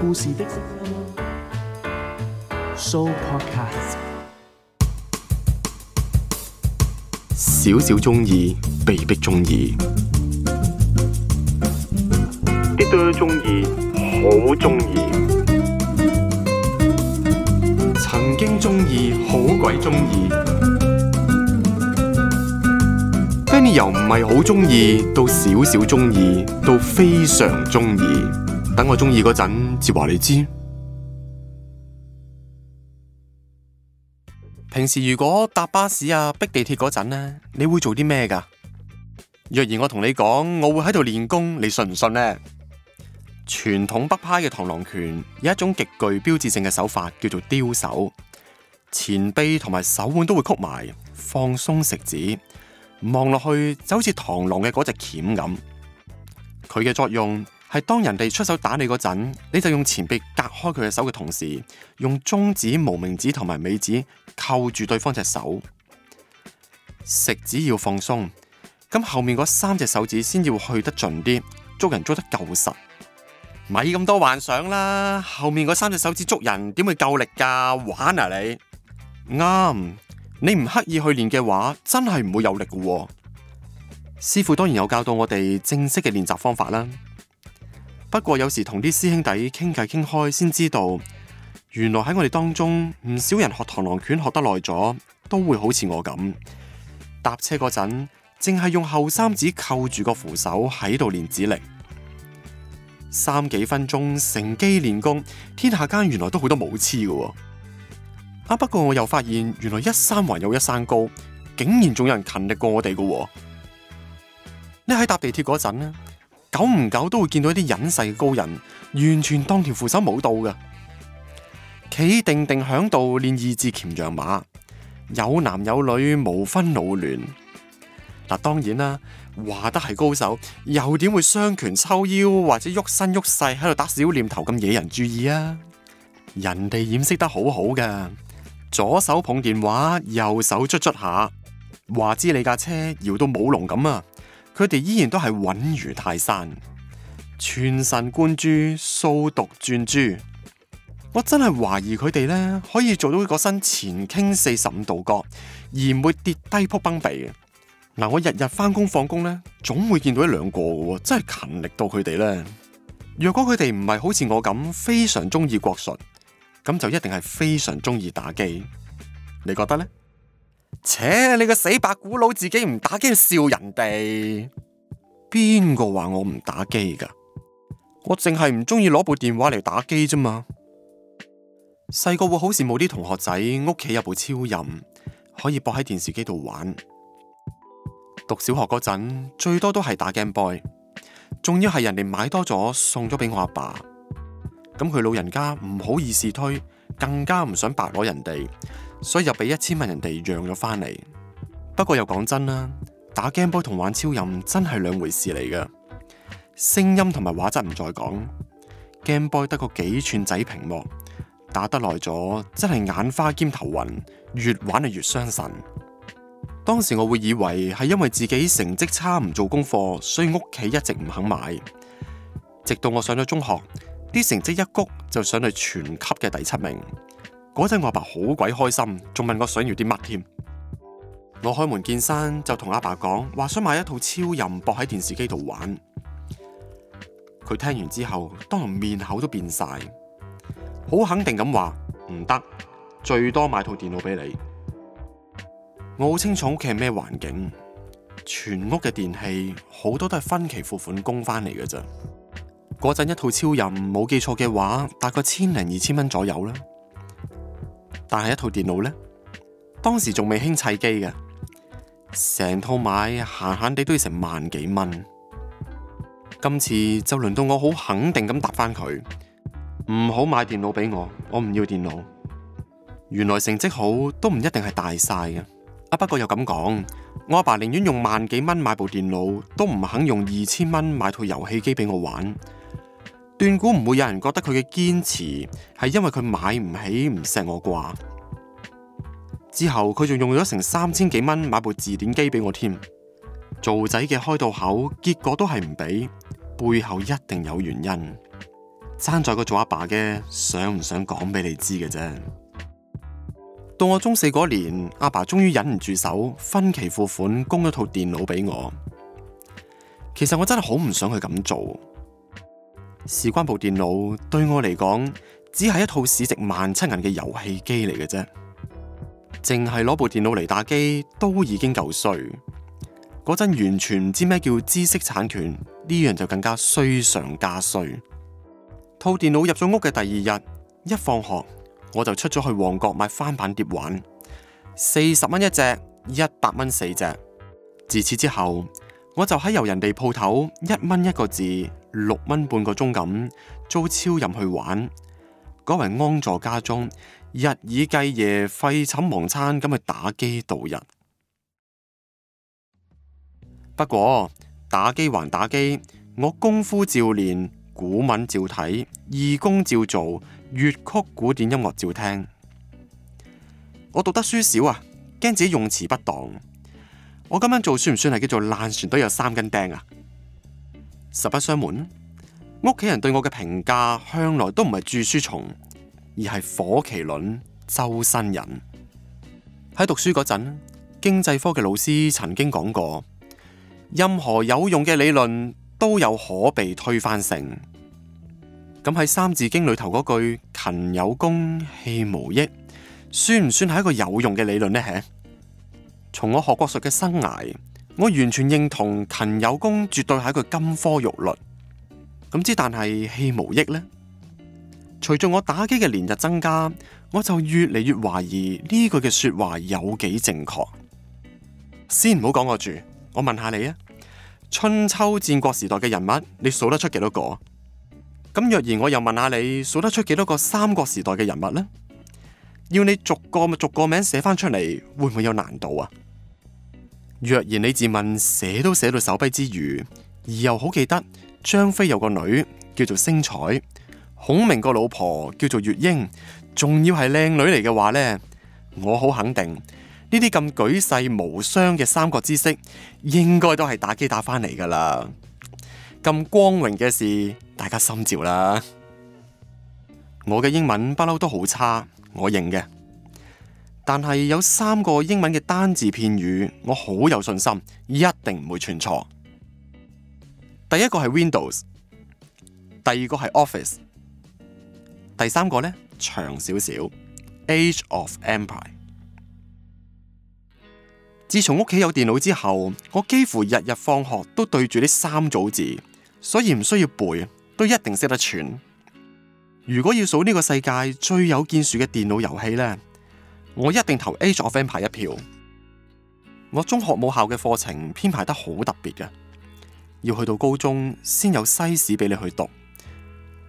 故事的數 podcast，少少中意，被迫中意，啲堆都中意，好中意，曾經中意，好鬼中意，even 由唔係好中意到少少中意到非常中意。等我中意嗰陣，接話你知。平時如果搭巴士啊，逼地鐵嗰陣呢，你會做啲咩噶？若然我同你講，我會喺度練功，你信唔信呢？傳統北派嘅螳螂拳有一種極具標誌性嘅手法，叫做刁手，前臂同埋手腕都會曲埋，放鬆食指，望落去就好似螳螂嘅嗰隻鉗咁。佢嘅作用，係當人哋出手打你嗰陣，你就用前臂隔開佢嘅手嘅同時，用中指、無名指同埋尾指扣住對方隻手，食指要放鬆。咁後面嗰三隻手指先要去得盡啲，捉人捉得夠實。咪咁多幻想啦！後面嗰三隻手指捉人，點會夠力噶？玩啊你！啱，你唔刻意去練嘅話，真係唔會有力噶喎。師傅當然有教到我哋正式嘅練習方法啦。不過有時同啲師兄弟傾偈傾開，先知道原來喺我哋當中唔少人學螳螂拳學得耐咗，都會好似我咁搭車嗰陣，淨係用後三指扣住個扶手喺度練指力。三幾分鐘乘機練功，天下間原來都好多武痴㗎喎。啊！不過我又發現，原來一山還有一山高，竟然仲有人勤力過我哋㗎喎。你喺搭地鐵嗰陣咧？久唔久都會見到一啲隱世高人，完全當條扶手冇到嘅，企定定響度練二字鉗羊馬，有男有女，無分老嫩。嗱，當然啦，話得係高手，又點會雙拳抽腰或者喐身喐勢喺度打小念頭咁惹人注意啊？人哋掩飾得好好噶，左手捧電話，右手捽捽下，話知你架車搖到舞龍咁啊！佢哋依然都係穩如泰山，全神貫注，掃毒轉珠。我真係懷疑佢哋呢，可以做到佢個身前傾四十五度角而唔會跌低扑崩鼻嘅。嗱、啊，我日日翻工，放工呢，總會見到一兩個嘅，真係勤力到佢哋呢。若果佢哋唔係好似我咁非常中意國術，咁就一定係非常中意打機。你覺得呢？切！你個死白古佬，自己唔打機笑人哋？邊個話我唔打機㗎？我淨係唔中意攞部電話嚟打機啫嘛。細個會好羨慕啲同學仔屋企有部超任，可以搏喺電視機度玩。讀小學嗰陣，最多都係打 Game Boy，仲要係人哋買多咗送咗俾我阿爸,爸。咁佢老人家唔好意思推，更加唔想白攞人哋。所以又俾一千蚊人哋讓咗返嚟。不過又講真啦，打 Game Boy 同玩超任真係兩回事嚟㗎。聲音同埋畫質唔再講，Game Boy 得個幾寸仔屏幕，打得耐咗真係眼花兼頭暈，越玩就越傷神。當時我會以為係因為自己成績差，唔做功課，所以屋企一直唔肯買。直到我上咗中學，啲成績一谷就上到全級嘅第七名。嗰陣我阿爸好鬼開心，仲問我想要啲乜添。我開門見山就同阿爸講話，想買一套超任，駁喺電視機度玩。佢聽完之後，當然面口都變晒，好肯定咁話唔得，最多買套電腦俾你。我好清楚屋企係咩環境，全屋嘅電器好多都係分期付款供翻嚟嘅。咋嗰陣一套超任冇記錯嘅話，大概千零二千蚊左右啦。但係一套電腦呢，當時仲未興砌機嘅，成套買閒閒地都要成萬幾蚊。今次就輪到我好肯定咁答翻佢，唔好買電腦俾我，我唔要電腦。原來成績好都唔一定係大曬嘅。啊不過又咁講，我阿爸寧願用萬幾蚊買部電腦，都唔肯用二千蚊買套遊戲機俾我玩。斷估唔會有人覺得佢嘅堅持係因為佢買唔起唔錫我啩。之後佢仲用咗成三千幾蚊買部字典機俾我添。做仔嘅開到口，結果都係唔俾，背後一定有原因。爭在個做阿爸嘅想唔想講俾你知嘅啫。到我中四嗰年，阿爸終於忍唔住手，分期付款供咗套電腦俾我。其實我真係好唔想佢咁做。事關部電腦，對我嚟講，只係一套市值萬七銀嘅遊戲機嚟嘅啫。淨係攞部電腦嚟打機都已經夠衰，嗰陣完全唔知咩叫知識產權，呢樣就更加衰上加衰。套電腦入咗屋嘅第二日，一放學我就出咗去旺角買翻版碟玩，四十蚊一隻，一百蚊四隻。自此之後，我就喺，由人哋鋪頭一蚊一個字，六蚊半個鐘咁租超入去玩，改為安坐家中，日以繼夜廢寢忘餐咁去打機度日。不過打機還打機，我功夫照練，古文照睇，義工照做，粵曲古典音樂照聽。我讀得書少啊，驚自己用詞不當。我咁樣做算唔算係叫做爛船都有三斤釘啊？實不相瞞，屋企人對我嘅評價向來都唔係蛀書蟲，而係火麒麟，周身癮。喺讀書嗰陣，經濟科嘅老師曾經講過，任何有用嘅理論都有可被推翻性。咁喺《三字經》裏頭嗰句勤有功，戲無益，算唔算係一個有用嘅理論呢？從我學國術嘅生涯。我完全認同勤有功，絕對係一個金科玉律。咁之但係戲無益呢？隨住我打機嘅年日增加，我就越嚟越懷疑呢句嘅說話有幾正確。先唔好講我住，我問下你啊，春秋戰國時代嘅人物，你數得出幾多個？咁若然我又問下你，數得出幾多個三國時代嘅人物呢？要你逐個逐個名寫翻出嚟，會唔會有難度啊？若然你自問寫都寫到手痹之餘，而又好記得張飛有個女叫做星彩，孔明個老婆叫做月英，仲要係靚女嚟嘅話呢，我好肯定呢啲咁舉世無雙嘅三國知識，應該都係打機打翻嚟噶啦。咁光榮嘅事，大家心照啦。我嘅英文不嬲都好差，我認嘅。但係有三個英文嘅單字片語，我好有信心，一定唔會串錯。第一個係 Windows，第二個係 Office，第三個咧長少少 Age of Empire。自從屋企有電腦之後，我幾乎日日放學都對住呢三組字，所以唔需要背，都一定識得串。如果要數呢個世界最有建樹嘅電腦遊戲呢。我一定投 Age of Empire 一票。我中學母校嘅課程編排得好特別嘅，要去到高中先有西史俾你去讀，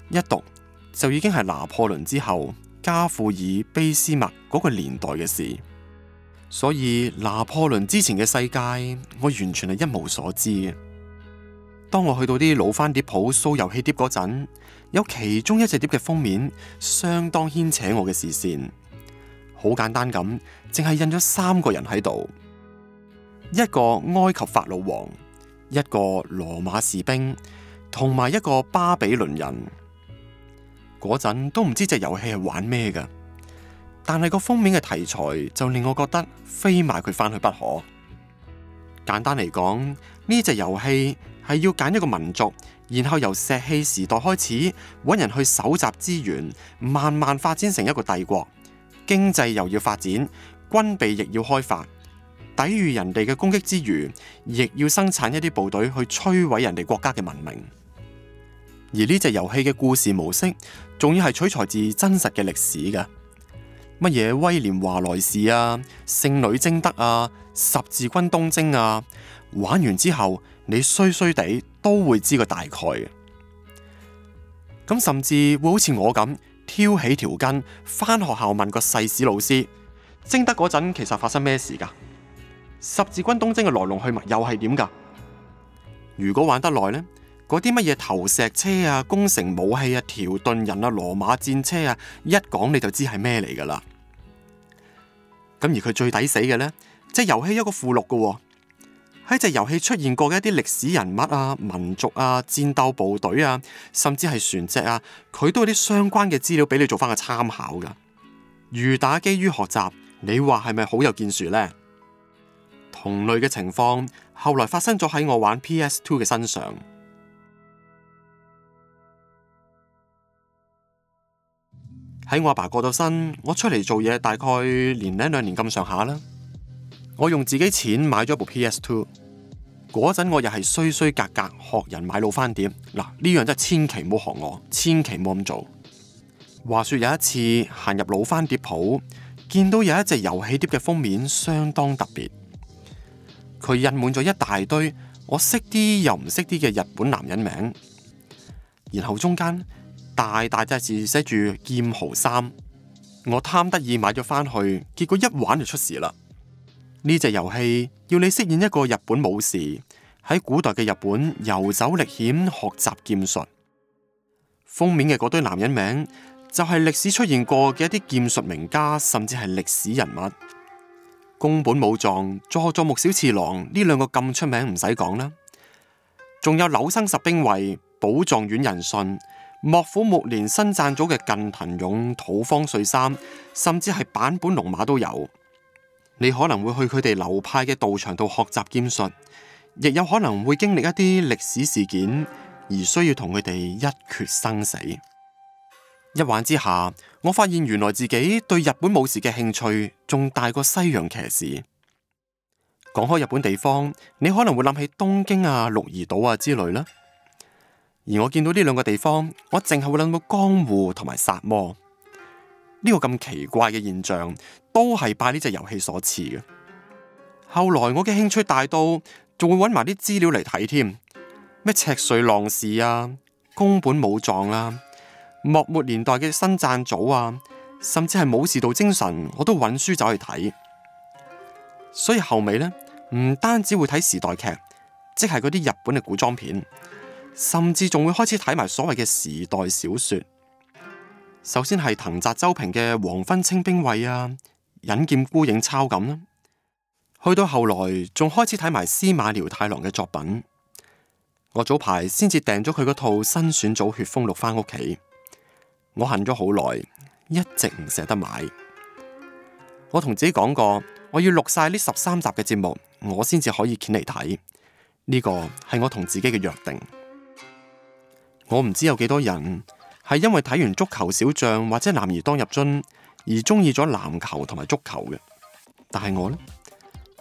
一讀就已經係拿破侖之後加富爾、卑斯麥嗰個年代嘅事。所以拿破侖之前嘅世界，我完全係一無所知嘅。當我去到啲老番碟鋪掃遊戲碟嗰陣，有其中一隻碟嘅封面相當牽扯我嘅視線。好簡單咁，淨係印咗三個人喺度，一個埃及法老王，一個羅馬士兵，同埋一個巴比倫人。嗰陣都唔知隻遊戲係玩咩噶，但係個封面嘅題材就令我覺得非埋佢翻去不可。簡單嚟講，呢隻遊戲係要揀一個民族，然後由石器時代開始搵人去搜集資源，慢慢發展成一個帝國。經濟又要發展，軍備亦要開發，抵御人哋嘅攻擊之餘，亦要生產一啲部隊去摧毀人哋國家嘅文明。而呢隻遊戲嘅故事模式，仲要係取材自真實嘅歷史嘅。乜嘢威廉華萊士啊，聖女貞德啊，十字軍東征啊，玩完之後你衰衰地都會知個大概。咁甚至會好似我咁。挑起條筋，翻學校問個世史老師，征德嗰陣其實發生咩事噶？十字軍東征嘅來龍去脈又係點噶？如果玩得耐呢，嗰啲乜嘢投石車啊、攻城武器啊、條頓人啊、羅馬戰車啊，一講你就知係咩嚟噶啦。咁而佢最抵死嘅呢，即係遊戲一個附錄噶。喺隻遊戲出現過嘅一啲歷史人物啊、民族啊、戰鬥部隊啊，甚至係船隻啊，佢都有啲相關嘅資料俾你做翻個參考㗎。如打機於學習，你話係咪好有建樹呢？同類嘅情況後來發生咗喺我玩 PS Two 嘅身上。喺我阿爸，爸過到身，我出嚟做嘢大概年零兩年咁上下啦。我用自己錢買咗部 PS Two。嗰陣我又係衰衰格格學人買老番碟，嗱，呢樣真係千祈唔好學我，千祈唔好咁做。話說有一次行入老番碟鋪，見到有一隻遊戲碟嘅封面相當特別，佢印滿咗一大堆我識啲又唔識啲嘅日本男人名，然後中間大大隻字寫住劍豪三，我貪得意買咗返去，結果一玩就出事啦。呢隻遊戲要你飾演一個日本武士喺古代嘅日本遊走歷險，學習劍術。封面嘅嗰堆男人名就係、是、歷史出現過嘅一啲劍術名家，甚至係歷史人物。宮本武藏、佐佐木小次郎呢兩個咁出名唔使講啦，仲有柳生十兵衛、寶藏院仁信、幕府末年新選組嘅近藤勇、土方歲三，甚至係坂本龍馬都有。你可能會去佢哋流派嘅道場度學習劍術，亦有可能會經歷一啲歷史事件，而需要同佢哋一決生死。一玩之下，我發現原來自己對日本武士嘅興趣仲大過西洋騎士。講開日本地方，你可能會諗起東京啊、鹿兒島啊之類啦。而我見到呢兩個地方，我淨係會諗到江戶同埋薩摩，呢、這個咁奇怪嘅現象。都係拜呢隻遊戲所賜嘅。後來我嘅興趣大到，仲會揾埋啲資料嚟睇添，咩赤穗浪士啊、宮本武藏啊、幕末年代嘅新撰組啊，甚至係武士道精神，我都揾書走去睇。所以後尾呢，唔單止會睇時代劇，即係嗰啲日本嘅古裝片，甚至仲會開始睇埋所謂嘅時代小說。首先係藤澤周平嘅《黃昏清兵衛》啊。隱劍孤影抄，咁去到後來仲開始睇埋司馬遼太郎嘅作品。我早排先至訂咗佢個套新選組血風錄翻屋企，我恨咗好耐，一直唔捨得買。我同自己講過，我要錄晒呢十三集嘅節目，我先至可以揭嚟睇。呢個係我同自己嘅約定。我唔知有幾多人係因為睇完足球小將或者男兒當入樽。而中意咗籃球同埋足球嘅，但係我呢，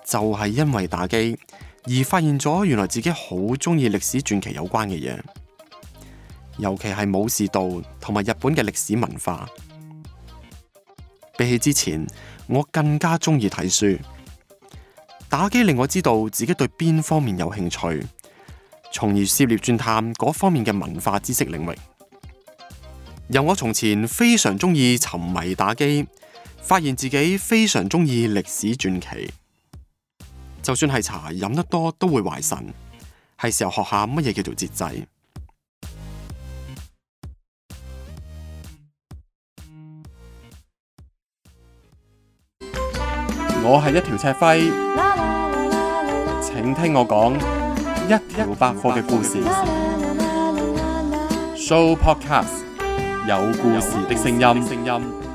就係因為打機而發現咗原來自己好中意歷史傳奇有關嘅嘢，尤其係武士道同埋日本嘅歷史文化。比起之前，我更加中意睇書。打機令我知道自己對邊方面有興趣，從而涉獵鑽探嗰方面嘅文化知識領域。由我從前非常中意沉迷打機，發現自己非常中意歷史傳奇。就算係茶飲得多都會壞腎，係時候學下乜嘢叫做節制。 我係一條赤輝， 請聽我講一條百科嘅故事。 Show podcast。有故事的聲音。